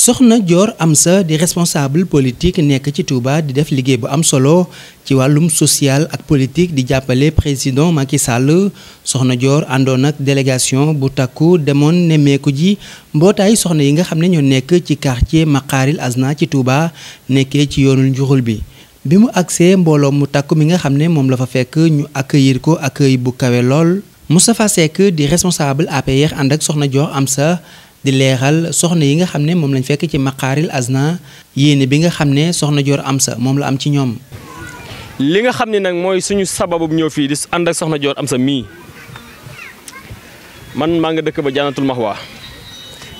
soxna Dior Amsa di responsable politique nekk ci Touba di def liggéey bu am solo ci wàllum social ak politique di jàppale président Macky Sall soxna joor àndoon ak délégation bu takku demoon nemmeeku ji mbootaay soxna yi nga xam ne ñoo nekk ci quartier Maqaaril Azna ci Touba nekkee ci yoonul njuxul bi bi mu agsee mbooloo mu takku mi nga xam ne moom la fa fekk ñu accueillir ko accueil bu kawe lool mu Moustapha Seck di responsable APR ànd ak soxna Dior Amsa di leexal soxna yi nga xam ne moom lañ fekk ci maqaaril azna yéene bi nga xam ne soxna joor am sa moom la am ci ñoom. li nga xam ne nag mooy suñu sababu ñëw fii di ànd ak soxna joor am sa mii man maa nga dëkk ba jaanatul maxwa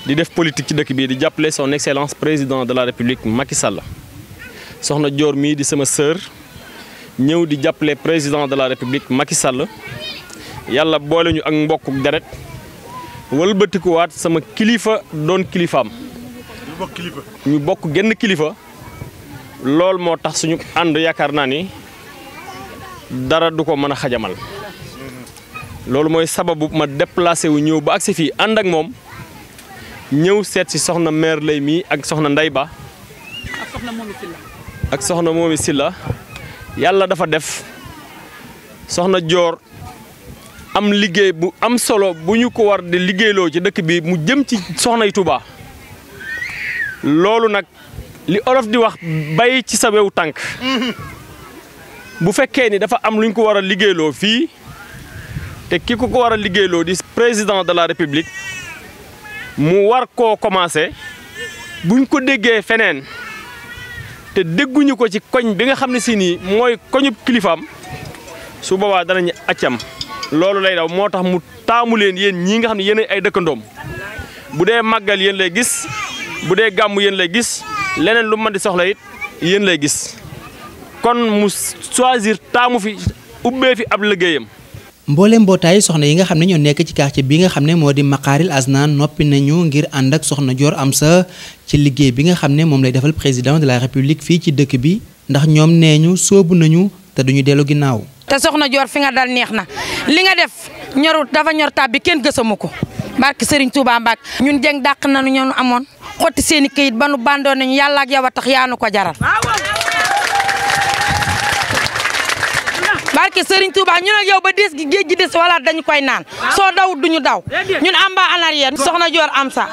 di def politique ci dëkk bii di jàppale son excellence président de la république Macky Sall soxna joor mii di sama sœur ñëw di jàppale président de la république Macky Sall yàlla boole ñu ak mbokku deret wëlbatikuwaat sama kilifa doon kilifaam. ñu bokk kilifa. ñu bokk genn kilifa. loolu moo tax suñu ànd yaakaar naa ni dara du ko mën a xajamal. loolu mooy sababu ma déplacé wu ñëw ba agsi fii ànd ak moom ñëw seet soxna meer lay mii ak soxna Ndey Ba. ak soxna moomi Silla. ak yàlla dafa def soxna Joor. am liggéey bu am solo bu ñu ko war di liggéeyloo ci dëkk bi mu jëm ci soxnay Touba loolu nag li olof di wax bay ci sa wew tànk mm-hmm. bu fekkee ni dafa am lu ñu ko war a liggéeyloo fii te ki ko ko war a liggéeyloo di président de la république mu war koo commencé buñ ko déggee feneen te dégguñu ko ci koñ bi nga xam ne si nii mooy koñub kilifam su boobaa danañu accam loolu lay daw moo tax mu taamu leen yéen ñi nga xam ne yéen ay dëkkandoom bu dee màggal yéen lay gis bu dee gàmmu yéen lay gis leneen lu mën di soxla it yéen lay gis kon mu choisir taamu fi ubbee fi ab liggéeyam. mboolem mbootaay soxna yi nga xam ne ñoo nekk ci quartier bi nga xam ne moo di Makaaril Aznan noppi nañu ngir ànd ak soxna am sa ci liggéey bi nga xam ne moom lay defal président de la république fii ci dëkk bi ndax ñoom nee ñu sóobu nañu te duñu dellu ginnaaw. te soxna joor fi nga dal neex na li nga def ñorut dafa ñor tab bi kenn gësamu ko barke Serigne Touba Mbacke ñun jeng dàq nañu ñoo amoon xotti seeni i këyit ba nu bandoon nañu yàlla ak yow a tax yaanu ko jaral. barke Serigne Touba ñun ak yow ba des gi géej gi des wala dañu koy naan soo dawut duñu daw ñun amba en arrière soxna joor am sa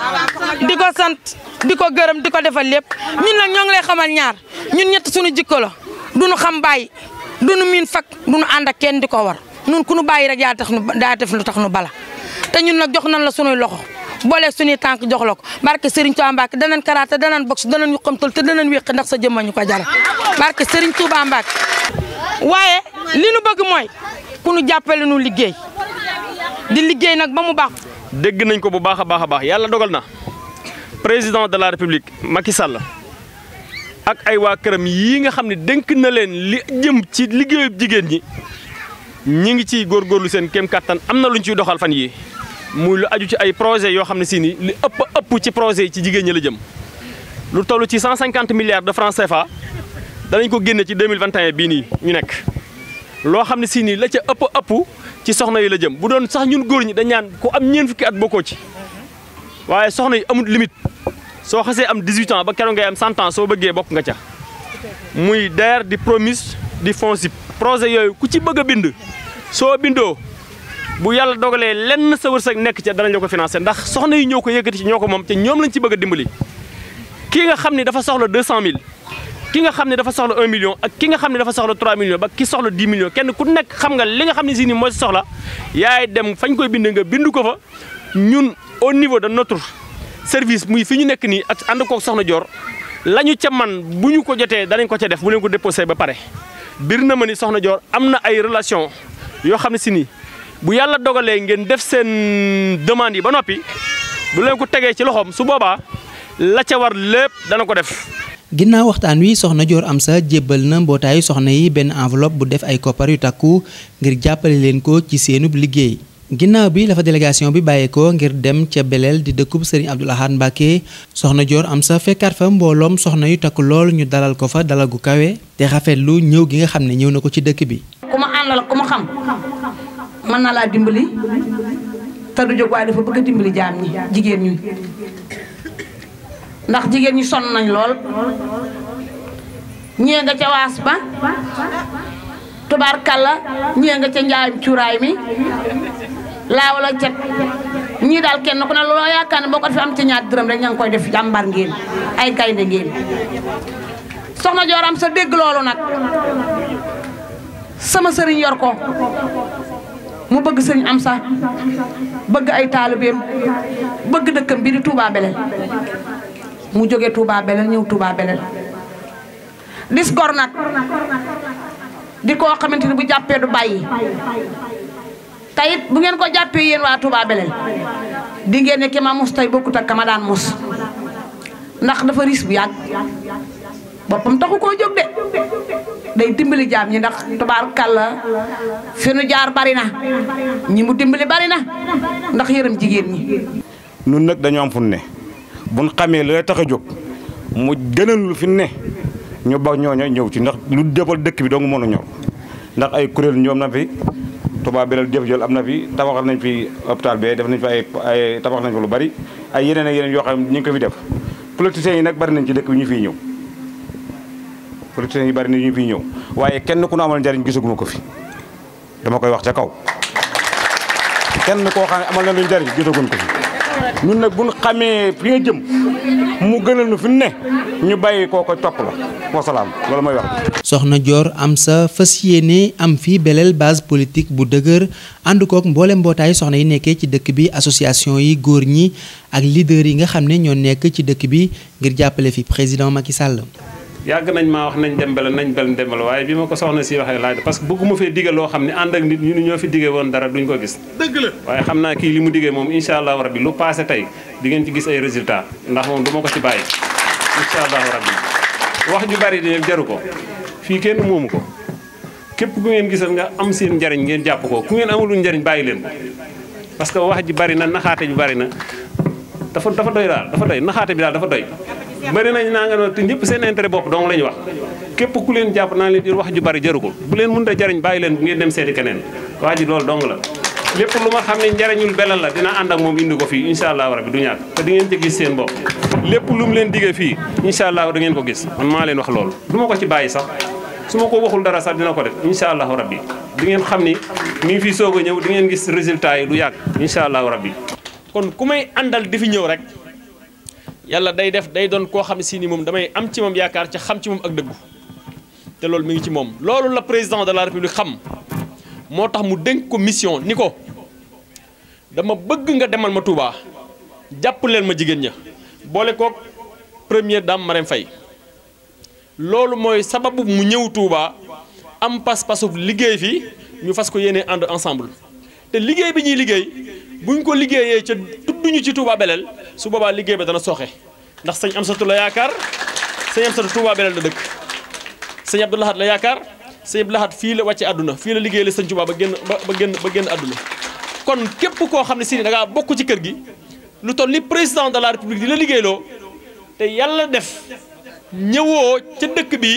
di ko sant di ko gërëm di ko defal lépp ñun nag ñoo ngi lay ñaar ñun ñett sunu jikko la duñu xam bàyyi duñu miin fag duñu ànd ak kenn di ko war nun ku nu bàyyi rek yaa tax daa def lu tax nu bala te ñun nag jox nan la sunuy loxo boole suñuy tànk jox la ko barke Serigne Touba Mbacke danañ karaate danañ box danañ yuqamtal te danañ wéq ndax sa jëmma ñu ko jara barke Serigne Touba Mbacke waaye li nu bëgg mooy ku nu jàppale nu liggéey di liggéey nag ba mu baax. dégg nañ ko bu baax a baax a baax yàlla dogal na président de la république Macky Sall. ak ay waa këram yii nga xam ne dénk na leen li jëm ci liggéeyub jigéen ñi ñi ngi ciy góorgóorlu seen kéem kattan am na lu ñu ciy doxal fan yi muy lu aju ci ay projet yoo xam ne si ni li ëpp ëpp ci projet yi ci jigéen ñi la jëm lu toll ci 150 milliards de francs CFA danañ ko génne ci 2021 bii nii ñu nekk loo xam ne si nii la ca ëpp ëpp ci soxna yi la jëm bu doon sax ñun góor ñi dañ ko am ñeen fukki at bokkoo ci waaye soxna yi amul limite soo xasee am 18 ans ba keroog ngay am 100 ans soo bëggee bokk nga ca muy DER di promise di FONSIP projet yooyu ku ci bëgg bind soo bindoo bu yàlla dogalee lenn sa wërsëg nekk ca danañ la ko financé ndax soxna yi ñëw ko yëkkati ci ñoo ko moom ca ñoom lañ ci bëgg dimbali ki nga xam ne dafa soxla 200000 ki nga xam ne dafa soxla 1 million ak ki nga xam ne dafa soxla 3 million ba ki soxla 10 millions kenn ku nekk xam nga li nga xam ne si ni mooy soxla yaay dem fañ koy bind nga bind ko fa ñun au niveau de notre service muy fi ñu nekk nii ak ànd kook soxna joor la ñu ca man bu ñu ko jotee danañ ko ca def bu leen ko déposé ba pare bir na ma ni soxna joor am na ay relation yoo xam ne si nii bu yàlla dogalee ngeen def seen demande yi ba noppi bu leen ko tegee ci loxoom su boobaa la ca war lépp dana ko def ginnaaw waxtaan wi soxna joor am sa jébbal na mbootaayu soxna yi benn enveloppe bu def ay koppar yu takku ngir jàppale leen ko ci seenub liggéey ginnaaw bi dafa fa délégation bi bàyyeekoo ngir dem ca Belel di dëkku Serigne Abdoul Ahad Mbacké soxna joor am sa fekkaat fa mbooloom soxna yu takk lool ñu dalal ko fa dalal gu kawe te rafetlu ñëw gi nga xam ne ñëw na ko ci dëkk bi. ku ma àndal ku ma xam mën na laa dimbali te jóg waaye dafa bëgg a dimbali jigéen ñi ndax jigéen ñi sonn nañ lool ñee nga ca waas ba tubaarkalla ñee nga ca njaayam cuuraay mi. laaw la cet ñii daal kenn ku ne looloo yaakaar ne boo ko defee am ci ñaar dërëm rek ña ngi koy def jàmbar ngeen ay gaynde ngeen soxna jooram sa dégg loolu nag sama sëriñ yor ko mu bëgg sëriñ am sax bëgg ay taalibeem bëgg dëkkam bi di tuubaa Belel mu jóge Touba Belel ñëw Touba Belel dis gor nag di koo xamante ni bu jàppee du bàyyi te bu ngeen ko jàppee yéen waa Touba Belel di ngeen ne ki ma mos tey bokkut ak ma daan mos ndax dafa riis bu yàgg boppam taxu koo jóg de day dimbali jaam ñi ndax tubaar kàlla fi nu jaar bari na ñi mu dimbali bari na ndax yërëm jigéen ñi. nun nag dañu am fu ne buñ xamee looy tax a jóg mu gënal lu fi ne ñu ba ñooñu ñëw ci ndax lu defal dëkk bi dong mën a ñor ndax ay kuréel ñoom na fi. Touba Belel jëf jël am na fi tabaxal nañ fi hôpital bee def nañ fi ay tabax nañ fi bari ay yeneen yeneen yoo xam ne ñu ngi ko fi def politiciens yi nag bari nañ ci dëkk bi ñu fiy ñëw politiciens yi bari nañ ñu fiy ñëw waaye kenn ku nu amal njariñ gisaguma ko fi dama koy wax ca kaw kenn koo xam ne amal njariñ gisaguñ ko fi ñun nag buñ xamee fi nga jëm mu gënal fi ne ñu bàyyi koo ko topp la soxna joor am sa fas yéene am fii beleel base politique bu dëgër ànd kook mboole mbootaay soxna yi nekkee ci dëkk bi association yi góor ñi ak leader yi nga xam ne ñoo nekk ci dëkk bi ngir jàppale fi président Macky Sall. yàgg nañ maa wax nañ dem bale nañ bel dem bale waaye bi ma ko soxna si waxee laaj parce que bëgguma fee digge loo xam ne ànd ak nit ñu ni ñoo fi digge woon dara duñ ko gis dëgg la waaye xam naa kii li mu diggee moom incha allahu rabbi lu paase tey di ngeen ci gis ay résultat ndax moom du ma ko ci bàyyi incha allahu rabbi wax ju bari di jaru ko fii kenn moomu ko képp ku ngeen gisal nga am seen njariñ ngeen jàpp ko ku ngeen amulul njariñ bàyyi leen parce que wax ji bari na naxaate ji bari na dafa dafa doy daal dafa doy bi daal dafa doy bari nañ naa nga te ñëpp seen intérêt bopp donc la ñu wax képp ku leen jàpp naa leen di wax ju bari jaru ko bu leen mënut a jariñ bàyyi leen bu ngeen dem seeti keneen waa loolu dong la lépp lu ma xam ne njariñul belal la dina ànd moom indi ko fii incha allah rabbi du ñàkk te di ngeen ci gis seen bopp lépp lu mu leen digee fii incha allah da ngeen ko gis man maa leen wax loolu du ma ko ci bàyyi sax su ma ko waxul dara sax dina ko def incha allahu rabbi di ngeen xam ni mi ngi fi soog a ñëw di ngeen gis résultat yi du yàgg incha allahu rabbi kon ku may àndal di fi ñëw yàlla day def day doon koo xam si ni moom damay am ci moom yaakaar ca xam ci moom ak dëggu te loolu mi ngi ci moom loolu la président de la république xam moo tax mu dénk ko mission ni ko dama bëgg nga demal ma Touba jàpp leen ma jigéen ña boole kook première dame Marème Faye loolu mooy sababu mu ñëw Touba am pas-pasu liggéey fii ñu fas ko yéene ànd ensemble te liggéey bi ñuy liggéey bu buñ ko liggéeyee ca tudduñu ci Touba Belel su boobaa liggéey ba dana sooxe ndax sëñ Amsatu la yaakaar sëñ Amsatu Touba Belel la dëkk sëñ Abdou Lahad la yaakaar sëñ Abdou Lahad fii la wàcce àdduna fii la liggéey la sëñ Touba ba génn ba génn ba génn àdduna kon képp koo xam ne si da ngaa bokk ci kër gi lu toll ni président de la république di la liggéeyloo te yàlla def ñëwoo ca dëkk bi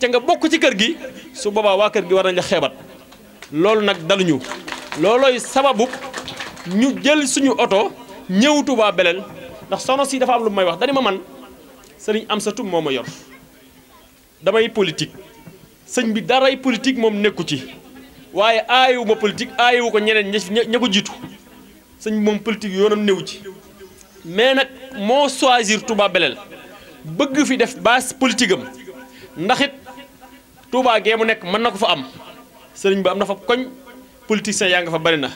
ca nga bokk ci kër gi su boobaa waa kër gi war nañ la xeebat loolu nag daluñu loolooy ñu jël suñu oto ñëw Touba Belel ndax soxna si dafa am lu may wax dani ma man sëriñ Amsatu moom ma yor damay politique sëñ bi daray politique moom nekku ci waaye aayewu ma politique aayewu ko ñeneen ña ko jiitu sëñ bi moom politique yoonam néew ci mais nag moo soisir Touba beleel bëgg fi def baas politique am ndax it Touba gee mu nekk mën na ko fa am sëriñ bi am na fa koñ politicien yaa nga fa bari na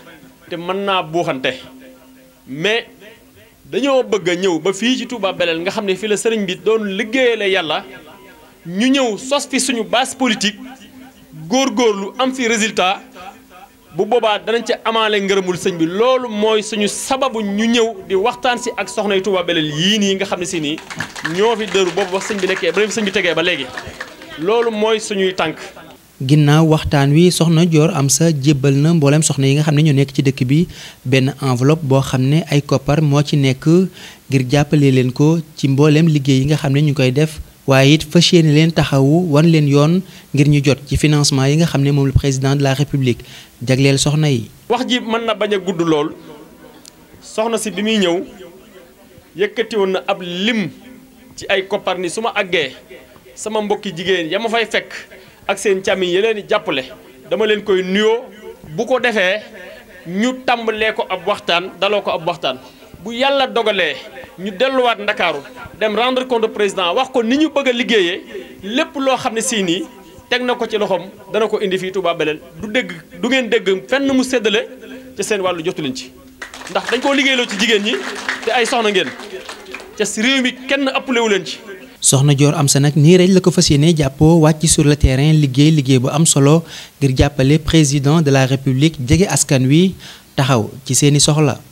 te mën naa buuxante mais dañoo bëgg a ñëw ba fii ci Touba Belel nga xam ne fii la sëriñ bi doon liggéeyale yàlla ñu ñëw sos fi suñu base politique góorgóorlu am fi résultat bu boobaa danañ ci amaale ngërëmul sëñ bi loolu mooy suñu sababu ñu ñëw di waxtaan si ak soxna yu Touba Belel yii nii nga xam ne si nii ñoo fi dëru boobu wax sëñ bi nekkee ba sëñ bi tegee ba léegi loolu mooy suñuy tànk ginnaaw waxtaan wi soxna joor am sa jébbal na mboolem soxna yi nga xam ne ñoo nekk ci dëkk bi benn enveloppe boo xam ne ay koppar moo ci nekk ngir jàppale leen ko ci mbooleem liggéey yi nga xam ne ñu koy def waaye it fas yéene leen taxawu wan leen yoon ngir ñu jot ci financement yi nga xam ne moom le président de la république jagleel soxna yi. wax ji mën na bañ a gudd lool soxna si bi muy ñëw yëkkati woon na ab lim ci ay koppar ni su ma àggee sama mbokk jigéen ya ma fay fekk. ak seen càmmiñ yi leen jàppale dama leen koy nuyoo bu ko defee ñu tàmbalee ko ab waxtaan daloo ko ab waxtaan bu yàlla dogalee ñu delluwaat ndakaaru dem rendre compte président wax ko ni ñu bëgg a lépp loo xam ne sii nii teg na ko ci loxoom dana ko indi fii Touba Belel du dégg du ngeen dégg fenn mu séddale te seen wàllu jotu leen ci ndax dañ koo liggéeyloo ci jigéen ñi te ay soxna ngeen te réew mi kenn ëppalewu leen ci soxna am Amsa nag nii rek la ko fas yéene jàppoo wàcc sur le terrain liggéey liggéey bu am solo ngir jàppale président de la république jege askan wi taxaw ci seeni soxla.